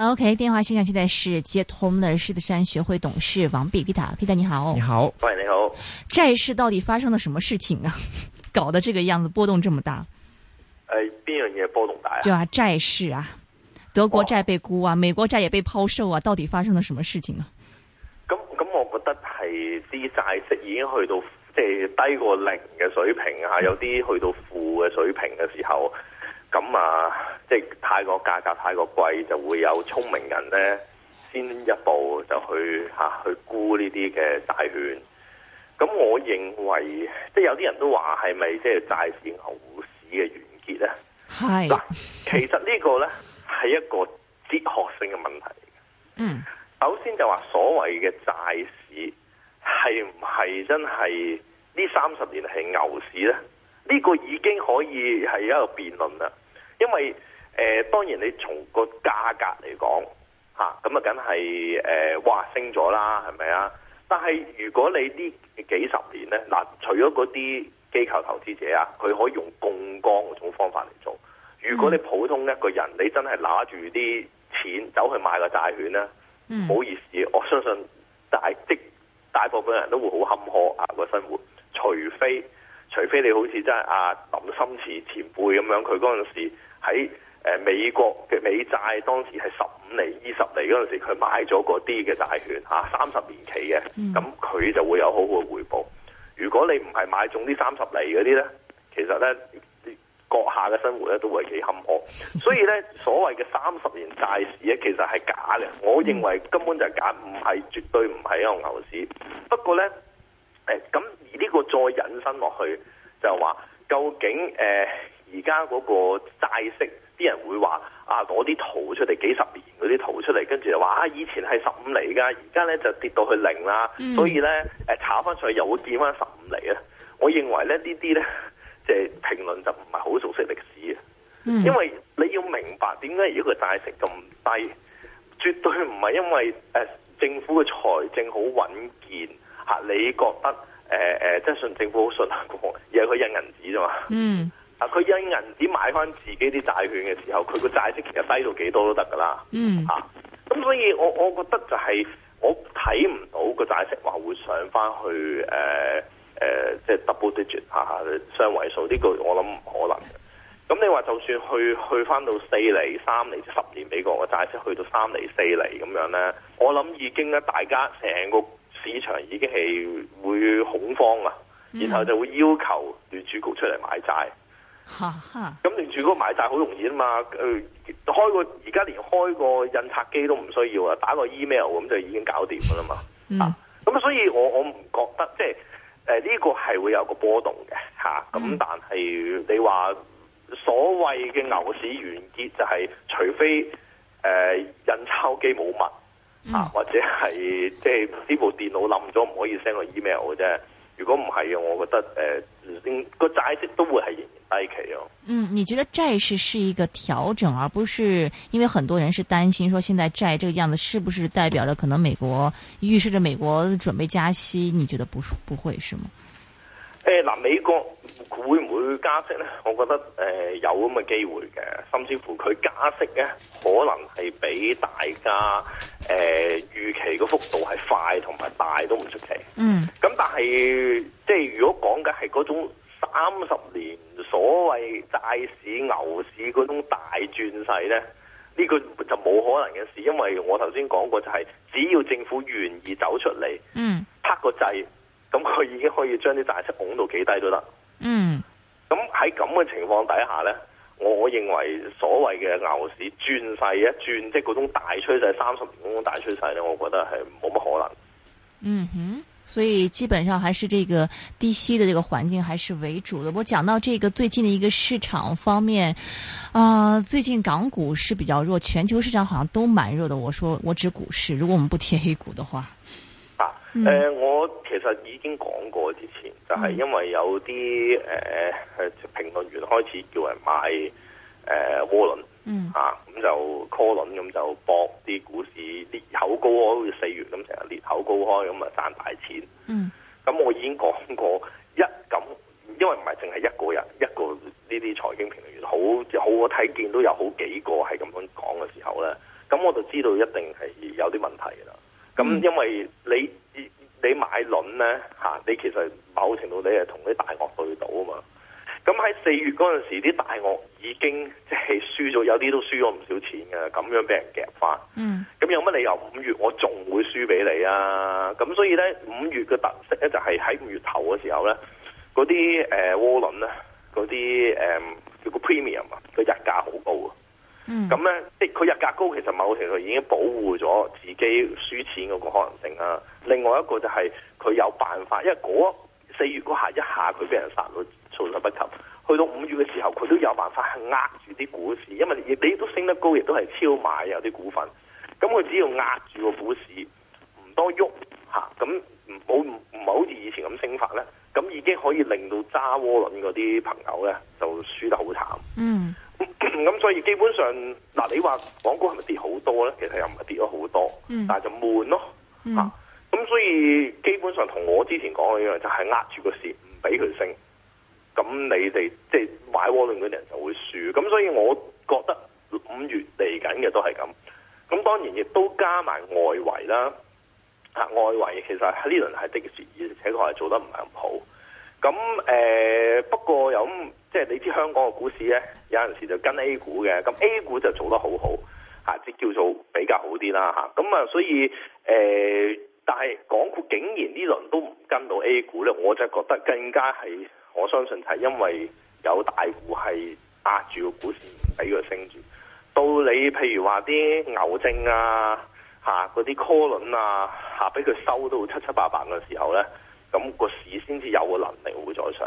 OK，電話線上現在是接通了獅子山學會董事王弼，Peter，Peter 你好。你好，歡迎。你好。債市到底發生了什麼事情啊？搞得這個樣子波動這麼大。誒、呃，邊樣嘢波動大呀？就啊，債市啊，德國債被沽啊，oh. 美國債也被拋售啊，到底發生了什麼事情啊？咁、嗯、咁，我覺得係啲債息已經去到即係低過零嘅水平啊，有啲去到負嘅水平嘅時候。咁啊，即係太過價格太過貴，就會有聰明人呢先一步就去吓，啊、去沽呢啲嘅債券。咁我認為，即係有啲人都話係咪即係債市牛市嘅完結呢？係嗱，其實呢個呢係一個哲學性嘅問題。嗯，首先就話所謂嘅債市係唔係真係呢三十年係牛市呢？呢、這個已經可以係一個辯論啦，因為誒、呃、當然你從嗰個價格嚟講嚇，咁啊梗係誒哇升咗啦，係咪啊？但係如果你呢幾十年咧，嗱、啊、除咗嗰啲機構投資者啊，佢可以用槓桿嗰種方法嚟做。如果你普通一個人，你真係拿住啲錢走去買個債券咧，唔、嗯、好意思，我相信大即、就是、大部分人都會好坎坷啊個生活，除非。除非你好似真係阿林心慈前輩咁樣，佢嗰陣時喺美國嘅美債，當時係十五厘、二十厘嗰陣時，佢買咗嗰啲嘅債券嚇，三十年期嘅，咁佢就會有好好嘅回報。如果你唔係買中啲三十厘嗰啲呢，其實呢，閣下嘅生活呢都會幾坎坷。所以呢，所謂嘅三十年債市呢，其實係假嘅，我認為根本就係假，唔係絕對唔係一個牛市。不過呢。咁、欸。而呢個再引申落去，就係話究竟誒而家嗰個債息，啲人會話啊攞啲圖出嚟幾十年嗰啲圖出嚟，跟住就話啊以前係十五厘噶，而家咧就跌到去零啦、嗯。所以咧誒炒翻上去又會見翻十五厘啊！我認為咧呢啲咧即係評論就唔係好熟悉歷史啊、嗯。因為你要明白點解如果個債息咁低，絕對唔係因為誒、呃、政府嘅財政好穩健嚇、啊，你覺得？誒、呃、誒，即係信政府好信啦，而係佢印銀紙啫嘛。嗯，啊，佢印銀紙買翻自己啲債券嘅時候，佢個債息其實低到幾多都得㗎啦。嗯、mm.，啊，咁所以我我覺得就係、是、我睇唔到個債息話會上翻去誒誒，即、呃、係、呃就是、double digit 嚇、啊、雙位數呢、這個我諗唔可能。咁你話就算去去翻到四厘、三厘、十、就是、年美國個債息去到三厘、四厘咁樣咧，我諗已經咧大家成個市場已經係。會恐慌啊，然後就會要求聯儲局出嚟買債，咁、嗯、聯儲局買債好容易啊嘛、呃，開個而家連開個印刷機都唔需要啊，打個 email 咁就已經搞掂噶啦嘛，咁、嗯啊、所以我我唔覺得即係誒呢個係會有個波動嘅吓，咁、啊、但係你話所謂嘅牛市完結就係、是、除非誒、呃、印鈔機冇物。啊，或者係即係呢部電腦冧咗，唔可以 send 個 email 嘅啫。如果唔係嘅，我覺得誒，個債息都會係仍然低企咯。嗯，你覺得債市是一個調整，而不是因為很多人是擔心說，現在債這個樣子，是不是代表着可能美國預示着美國準備加息？你覺得不不會是嗎？誒、嗯，嗱、呃呃，美國。會唔會加息呢？我覺得誒、呃、有咁嘅機會嘅，甚至乎佢加息呢，可能係比大家誒預、呃、期嘅幅度係快同埋大都唔出奇。嗯，咁但係即係如果講緊係嗰種三十年所謂債市牛市嗰種大轉勢呢，呢、呢個就冇可能嘅事，因為我頭先講過就係只要政府願意走出嚟，嗯，拍個掣，咁佢已經可以將啲債息拱到幾低都得。嗯，咁喺咁嘅情況底下呢，我認為所謂嘅牛市轉勢咧，轉即嗰種大趨勢三十年嗰種大趨勢呢，我覺得係冇乜可能。嗯哼，所以基本上還是這個低息的這個環境還是為主的。我講到這個最近的一個市場方面，啊、呃，最近港股是比較弱，全球市場好像都蠻弱的。我說我指股市，如果我們不貼 A 股的話。誒、嗯呃，我其實已經講過之前，就係、是、因為有啲誒誒評論員開始叫人買誒窩輪，嗯啊，咁就 call 輪咁就搏啲股市裂口高開，好似四月咁成日裂口高開咁啊賺大錢，嗯，咁我已經講過一咁，因為唔係淨係一個人，一個呢啲財經評論員好好我睇見都有好幾個係咁樣講嘅時候咧，咁我就知道一定係有啲問題㗎啦，咁因為你。嗯你買輪咧嚇，你其實某程度你係同啲大鱷對賭啊嘛。咁喺四月嗰陣時，啲大鱷已經即係輸咗，有啲都輸咗唔少錢嘅。咁樣俾人夾翻，嗯。咁有乜理由五月我仲會輸俾你啊？咁所以咧，五月嘅特色咧就係喺五月頭嘅時候咧，嗰啲誒窩輪咧，嗰啲誒叫個 premium 啊，個溢價好高啊。咁、嗯、咧，即係佢日價高，其實某程度已經保護咗自己輸錢嗰個可能性啦。另外一個就係、是、佢有辦法，因為嗰四月嗰下一下佢俾人殺到措手不及，去到五月嘅時候佢都有辦法係壓住啲股市，因為你都升得高，亦都係超買的有啲股份。咁、嗯、佢只要壓住個股市唔多喐吓，咁、啊、唔好唔唔係好似以前咁升法咧，咁已經可以令到揸窩輪嗰啲朋友咧就輸得好慘。嗯。咁、嗯、所以基本上，嗱、啊、你話港股係咪跌好多咧？其實又唔係跌咗好多，嗯、但係就悶咯咁、嗯啊、所以基本上同我之前講嘅一樣，就係壓住個市，唔俾佢升。咁你哋即係買窩輪嘅人就會輸。咁所以我覺得五月嚟緊嘅都係咁。咁當然亦都加埋外圍啦。吓、啊，外圍其實喺呢輪係的士，而且確係做得唔係咁好。咁誒、呃，不過有。即係你知香港嘅股市呢，有陣時就跟 A 股嘅，咁 A 股就做得好好，吓、啊、即叫做比較好啲啦，吓咁啊，所以誒、呃，但係港股竟然呢輪都唔跟到 A 股呢，我就覺得更加係，我相信係因為有大股係壓住個股市唔俾佢升住，到你譬如話啲牛證啊，吓嗰啲 call 輪啊，吓俾佢收到七七八八嘅時候呢，咁、那個市先至有個能力會再上。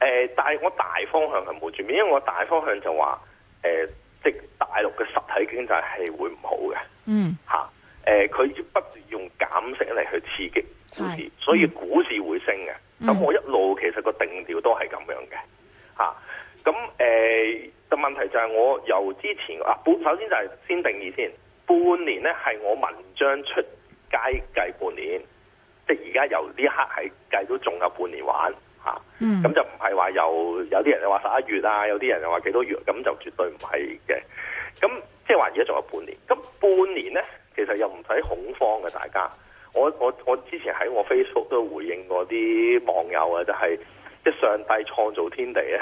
誒、呃，但係我大方向係冇轉變，因為我大方向就話，誒、呃，即大陸嘅實體經濟係會唔好嘅，嗯，吓、啊，誒、呃，佢不斷用減息嚟去刺激股市，所以股市會升嘅。咁、嗯、我一路其實個定調都係咁樣嘅，吓、啊，咁誒，個、呃、問題就係我由之前啊，半首先就係先定義先，半年咧係我文章出街計半年，即係而家由呢刻係計都仲有半年玩。吓、嗯，咁就唔係話有，有啲人就話十一月啊，有啲人又話幾多月啊，咁就絕對唔係嘅。咁即係話而家仲有半年，咁半年咧，其實又唔使恐慌嘅。大家，我我我之前喺我 Facebook 都回應過啲網友啊，就係即係上帝創造天地咧，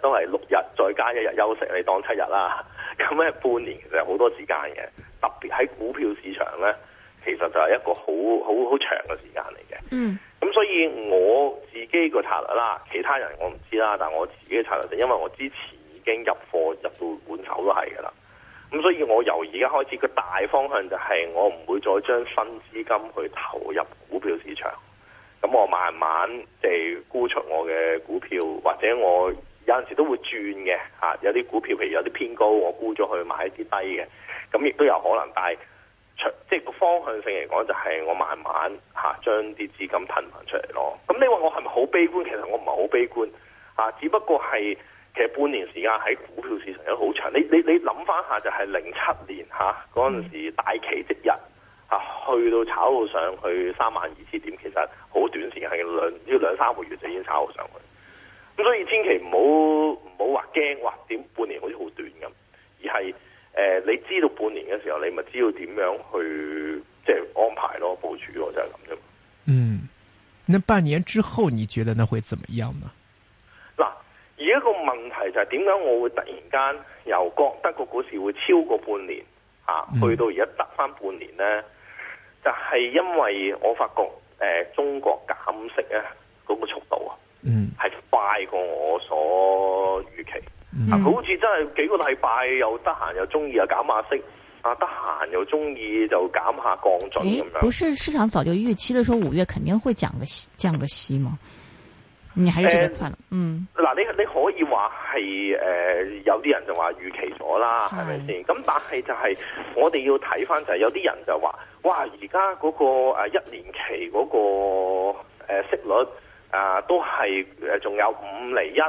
都係六日再加一日休息，你當七日啦。咁咧半年其實好多時間嘅，特別喺股票市場咧，其實就係一個好好好長嘅時間嚟嘅。嗯。咁所以我自己個策略啦，其他人我唔知啦，但係我自己嘅策略就因為我之前已經入貨入到滿手都係噶啦，咁所以我由而家開始個大方向就係我唔會再將新資金去投入股票市場，咁我慢慢哋沽出我嘅股票，或者我有陣時都會轉嘅吓，有啲股票譬如有啲偏高，我沽咗去買一啲低嘅，咁亦都有可能，但係。即係個方向性嚟講，就係，是，我慢慢嚇將啲資金騰返出嚟咯。咁你話我係咪好悲觀？其實我唔係好悲觀，只不過係其實半年時間喺股票市場有好長。你你你諗翻下，就係零七年嗰陣時大旗即日去到炒到上去三萬二千點，其實好短時間係兩要兩三個月就已經炒到上去。咁所以千祈唔好唔好話驚話點半年好似好短咁，而係，誒、呃，你知道半年嘅時候，你咪知道點樣去即係安排咯，部署咯，就係咁啫。嗯，那半年之後你覺得那會怎麼樣呢？嗱，而一個問題就係點解我會突然間由覺得個股市會超過半年去、啊嗯、到而家得翻半年呢？就係、是、因為我發覺誒、呃，中國減息啊，嗰、那個速度啊，嗯，係快過我所預期。嗱、嗯，好似真係幾個禮拜又得閒又中意啊減下息，啊得閒又中意就減下降準咁樣、哎。不是市場早就預期嘅時候五月肯定會降個息降個息嘛？你還是覺得反了？嗯、嗱、嗯，你你可以話係誒有啲人就話預期咗啦，係咪先？咁但係就係我哋要睇翻就係有啲人就話，哇而家嗰個誒、呃、一年期嗰、那個誒、呃、息率啊、呃、都係誒仲有五厘一。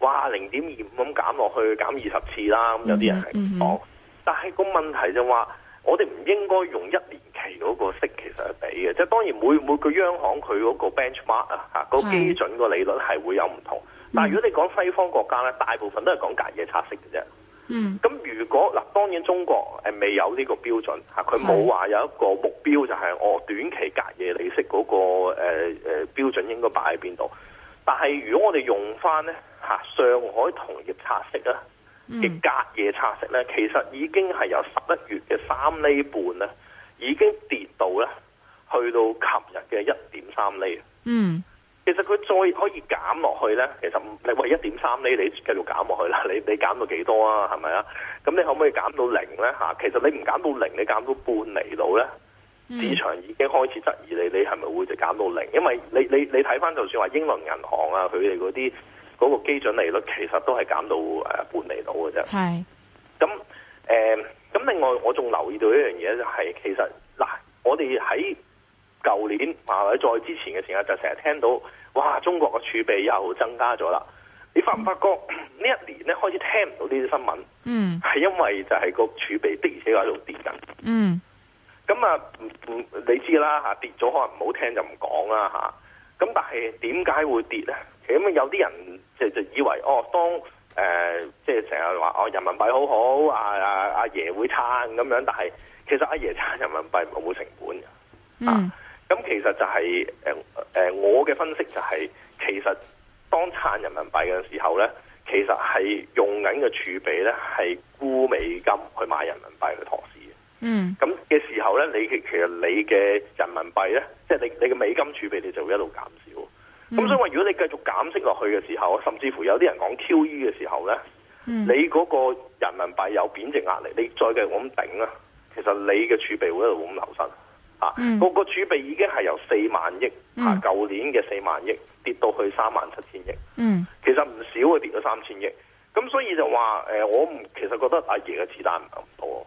話零點二五咁減落去減二十次啦，咁有啲人係講。Mm -hmm. 但係個問題就話，我哋唔應該用一年期嗰個息其實係比嘅。即、就、係、是、當然每每個央行佢嗰個 benchmark 啊，嚇、那個基準個利率係會有唔同。但係如果你講西方國家咧，大部分都係講隔夜拆息嘅啫。嗯。咁如果嗱，當然中國未有呢個標準嚇，佢冇話有一個目標就係、是、我、哦、短期隔夜利息嗰、那個誒誒、呃呃、標準應該擺喺邊度。但係如果我哋用翻咧？上海同業拆息啊，嘅隔夜拆息咧，其實已經係由十一月嘅三厘半啦，已經跌到咧，去到琴日嘅一點三厘。嗯，其實佢再可以減落去咧，其實你話一點三厘，你繼續減落去啦。你你減到幾多啊？係咪啊？咁你可唔可以減到零咧？嚇，其實你唔減到零，你減到半厘度咧，市場已經開始質疑你，你係咪會就減到零？因為你你你睇翻，就算話英倫銀行啊，佢哋嗰啲。嗰、那個基準利率其實都係減到誒半厘度嘅啫。係。咁誒，咁、呃、另外我仲留意到一樣嘢就係、是，其實嗱，我哋喺舊年啊，或者再之前嘅時間就成日聽到，哇，中國嘅儲備又增加咗啦。你發唔發覺呢、嗯、一年咧開始聽唔到呢啲新聞？嗯。係因為就係個儲備的而且確喺度跌緊。嗯。咁啊，唔、嗯、唔，你知啦吓，跌咗可能唔好聽就唔講啦吓。咁但係點解會跌咧？其有啲人就就以為哦，當誒、呃、即係成日話哦，人民幣好好，阿阿阿爺會撐咁樣。但係其實阿爺撐人民幣唔係冇成本嘅。嗯、啊。咁其實就係誒誒，我嘅分析就係、是，其實當撐人民幣嘅時候咧，其實係用緊嘅儲備咧係沽美金去買人民幣去托市的。嗯。咁嘅時候咧，你其實你嘅人民幣咧。即係你你嘅美金儲備，你就會一路減少。咁、嗯、所以話，如果你繼續減息落去嘅時候，甚至乎有啲人講 QE 嘅時候咧、嗯，你嗰個人民幣有貶值壓力，你再繼續咁頂啊，其實你嘅儲備會一路咁流失、嗯、啊。個個儲備已經係由四萬億啊，舊、嗯、年嘅四萬億跌到去三萬七千億。嗯，其實唔少會跌到三千億。咁所以就話誒、呃，我唔，其實覺得阿爺嘅子彈唔係咁多。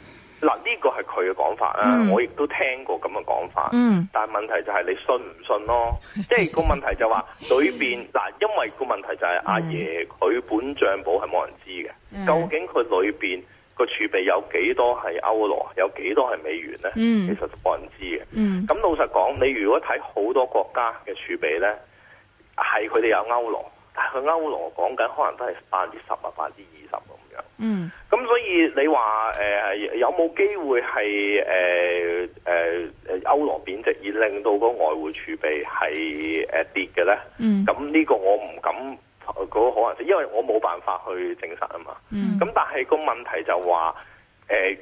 嗱、這個，呢個係佢嘅講法啦，我亦都聽過咁嘅講法，嗯、但係問題就係你信唔信咯？ 即係個問題就話裏邊嗱，因為個問題就係阿爺佢、嗯、本帳簿係冇人知嘅、嗯，究竟佢裏邊個儲備有幾多係歐羅，有幾多係美元呢？嗯、其實冇人知嘅。咁、嗯、老實講，你如果睇好多國家嘅儲備呢，係佢哋有歐羅，但佢歐羅講緊可能都係百分之十啊，百分之二十。嗯，咁所以你話誒、呃、有冇機會係誒誒誒歐羅貶值而令到個外匯儲備係誒跌嘅咧？嗯，咁呢個我唔敢嗰、嗰個、可能性，因為我冇辦法去證實啊嘛。嗯，咁但係個問題就話誒、呃、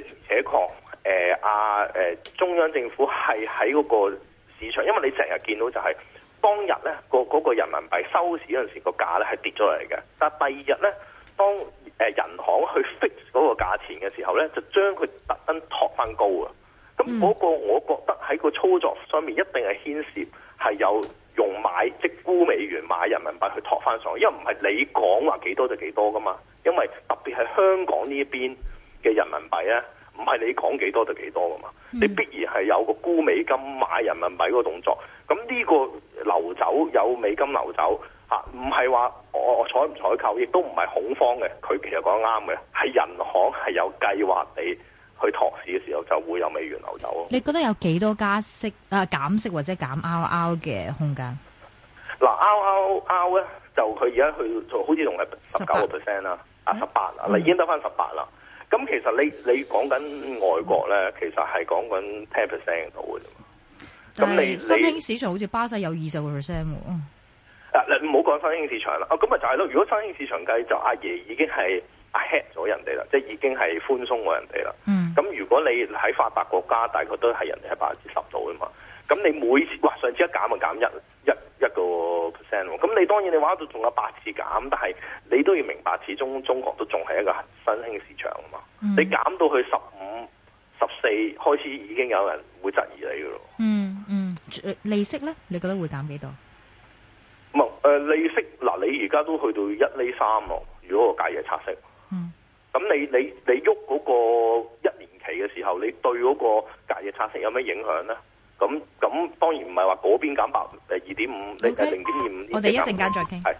的而且確啊誒中央政府係喺嗰個市場，因為你成日見到就係、係、當日咧個、嗰個人民幣收市嗰陣時個價咧係跌咗嚟嘅，但係第二日咧當。誒、呃、人行去 fix 嗰個價錢嘅時候咧，就將佢特登托翻高啊！咁嗰個我覺得喺個操作上面一定係牽涉係有用買即沽美元買人民幣去托翻上去，因為唔係你講話幾多就幾多噶嘛。因為特別係香港呢邊嘅人民幣咧，唔係你講幾多就幾多噶嘛。你必然係有個沽美金買人民幣嗰個動作。咁呢個流走有美金流走。啊，唔係話我採唔採購，亦都唔係恐慌嘅。佢其實講得啱嘅，係銀行係有計劃地去托市嘅時候，就會有美元流走的。你覺得有幾多加息啊、減息或者減 RRR 嘅空間？嗱 RRR 咧，RRR, 就佢而家去，就好似仲係十九個 percent 啦，啊十八啊，嗱已經得翻十八啦。咁、嗯、其實你你講緊外國咧、嗯，其實係講緊 ten percent 度嘅啫。咁你，你新興市場好似巴西有二十個 percent。嗱，你唔好講新興市場啦。哦、啊，咁咪就係咯。如果新興市場計就阿爺已經係 ahead 咗人哋啦，即係已經係寬鬆過人哋啦。嗯。咁如果你喺發達國家，大概都係人哋係百分之十度啊嘛。咁你每次哇，上次一減就減一一一個 percent 喎。咁你當然你玩到仲有八次減，但係你都要明白，始終中國都仲係一個新興市場啊嘛。嗯、你減到去十五、十四，開始已經有人會質疑你噶咯。嗯嗯，利息咧，你覺得會減幾多？誒，利息嗱，你而家都去到一厘三咯。如果個隔夜拆息。嗯，咁你你你喐嗰個一年期嘅時候，你對嗰個隔夜拆息有咩影響咧？咁咁，咁當然唔係話嗰邊減百誒二點五，零零點二五，我哋一陣間再傾。係。